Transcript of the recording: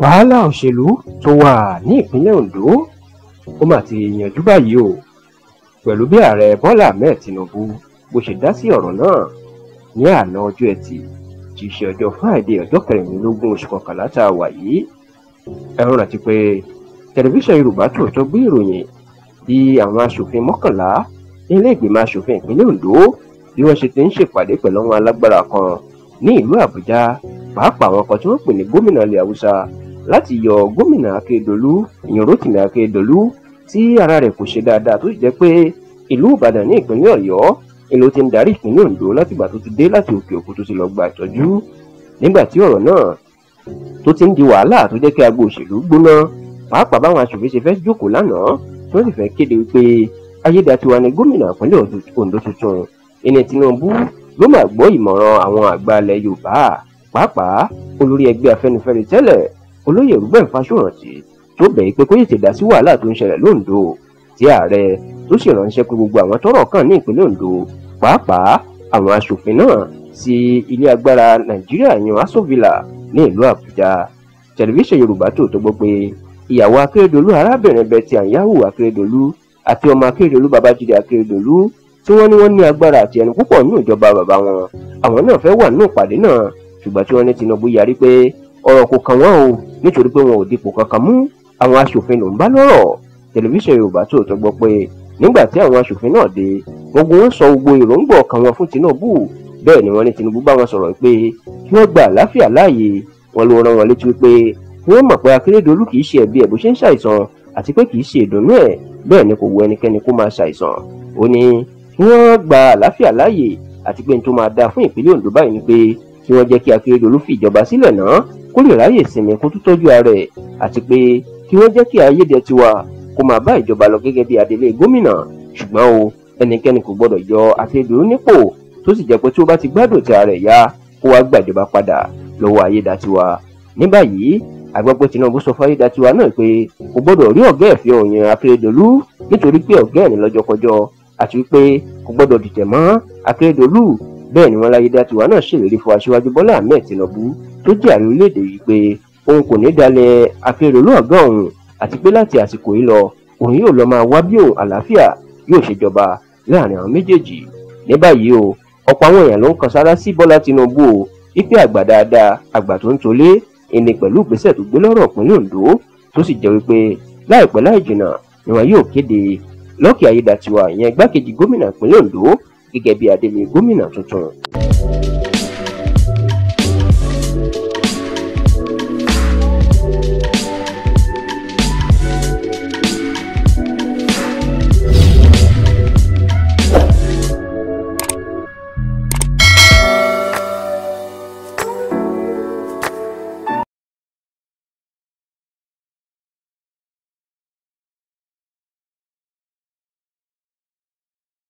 wàhálà òṣèlú tó wà ní ìpínlẹ̀ Ondo ó mà ti yanjú báyìí o pẹ̀lú bí ààrẹ Bọ́lá Ahmed Tinubu bó ṣe dá sí ọ̀rọ̀ náà ní àná ọjọ́ ẹtì tí í ṣe ọjọ́ Friday ọjọ́ kẹrìnlélógún oṣù kọkànlá tá a wà yìí ẹ rántí pé tẹlifíṣàn Yorùbá Tòótọ́ gbé ìròyìn bí àwọn aṣòfin mọ́kànlá nílé ìgbìmọ̀ aṣòfin ìpínlẹ̀ Ondo bí wọ́n ṣe ti ń ṣèpàdé pẹ̀lú àwọn alágbára kan ní ìlú Àbújá pàápàá àwọn kan tí wọ́n pè ní gómìnà ilẹ̀ haúsá láti yọ gómìnà akédolú ìyẹn rotimi akédolú tí ara rẹ̀ kò ṣe dáadáa tó sì jẹ́ pé ìlú ìbàdàn ní ìpínlẹ̀ ọ̀yọ́ èlò ti ń darí ìpínlẹ̀ ondo látìgbà tó ti dé láti òkè òkun tó ti lọ gba ìtọ́jú nígbà tí ọ̀rọ̀ náà tó ti ń di wàhálà tó jẹ́ kí agbo òṣèlú gbóná pàápàá báwọn aṣòfin ṣe fẹ́ jókòó lánàá tí wọ́n sì fẹ́ kéde wípé ayédatiwa ni gómìnà ìpínlẹ̀ ondo tuntun ìní tinubu ló máa gbọ́ ìmọ̀ràn àwọn àgbà ilẹ̀ yorùbá pàápàá olórí ẹgbẹ́ afẹ́nifẹ́re tẹ́lẹ̀ olóyè rúbẹ̀n fáṣọ̀rántì tó bẹ̀ẹ́ pé kó yètè dá sí wàhálà tó ń ṣẹlẹ̀ lóńdó tí ààrẹ tó sì ránṣẹ́ pé gbogbo àwọn tọ́rọ̀ kàn ní ìpínlẹ̀ ondo pàápàá àwọn aṣòfin náà sí ilé agbára nàìjíríà yan aso villa ní ìlú àbújá tẹlifíṣàn yorùbá tó tó gbọ́ pé ìyàwó akérèdọlù arábìnrin betty anyanwu akérèdọlù àti ọmọ akérèdọlù babájídé akérèdọlù tí wọ́n ní wọ́n ní agbára àti ẹnu púpọ̀ ní ìjọba bàbá wọn àwọn náà fẹ́ wà nínú ìpàdé náà ṣùgbọ́n tí wọ́n ní Tinubu yarí pé ọ̀rọ̀ kò kàn wọ́n o nítorí pé wọn ò dipò kankan mú àwọn aṣòfin ló ń bá lọ́rọ̀ tẹlifíṣàn Yorùbá Tòótọ́ gbọ́ pé nígbà tí àwọn aṣòfin náà dé gbogbo wọn sọ gbogbo èròǹgbà ọkàn wọn fún Tinubu bẹ́ẹ̀ ni wọ́n ní Tinubu bá wọn sọ̀rọ̀ pé kí wọ́n gba àlàáfíà láàyè wọn ló rán wọn létí pé kí wọ́n mọ̀ pé Akérédolú kì í ṣe ẹ̀bi ẹ̀ bó ṣe ń ṣàìsàn àti pé kì í ṣe ìdùnnú ẹ̀ bẹ́ẹ̀ ni kò wù ẹnikẹ́ni kó máa ṣàìsàn ó ní kí wọ́n gba àlàáfíà láàyè àti pé n tó máa dáa fún ìpínlẹ̀ Ondo báyìí ni pé tí wọ́n jẹ́ kí Akérédolú fìjọba sílẹ̀ náà kó lè ráyè sinmi kó tún tọ́jú ara ẹ̀ àti pé kí wọ́n jẹ́ kí Ayédètiwa kó máa bá ìjọba lọ gẹ́gẹ́ bí adelé gómìnà ṣùgbọ́n o ẹnikẹ́ni kò gbọ́dọ̀ yọ Akérédolú nípò tó sì jẹ́ pé tí ó bá ti gbádùn ti ara ẹ̀ yá kó wá gbàjọba padà lọ́wọ́ Ayédètiwa ní báyìí àgbẹ̀pẹ̀ Tinubu sọ fún Ayédètiwa náà pé kò gbọ́dọ̀ rí ọ̀gá ẹ̀fẹ́ òyìn Akérédolú nítorí pé ọ̀gá ẹ̀ ní lọ́jọ́kọjọ́ àti wípé kò gbọ́dọ̀ dìtẹ̀ mọ́ Akérédolú bẹ́ẹ̀ ni wọ́n láyédá tiwa náà ṣèlérí fún aṣíwájú bọ́lá ahmed tinubu tó jẹ́ ààrẹ orílẹ̀-èdè yìí pé òun kò ní dalẹ̀ akérèlú ọ̀gá òun àti pé láti àsìkò yìí lọ òun yóò lọ máa wá bí òun àlàáfíà yóò ṣèjọba láàrin àwọn méjèèjì ní báyìí o ọ̀pọ̀ àwọn èèyàn ló ń kan sára sí bọ́lá tinubu o ipe àgbà dáadáa àgbà tó ń tolé ẹni pẹ̀lú ìgbésẹ̀ tó gbé lọ́rọ̀ ìpínlẹ̀ ondo tó sì jẹ́ wípé láìpẹ́ láì jìnnà ni wọn yóò kéde lọ́kì ayédatiwa ìyẹn igbákejì gómìnà ìpínlẹ̀ ondo gẹ́gẹ́ bí adélé gómìnà tuntun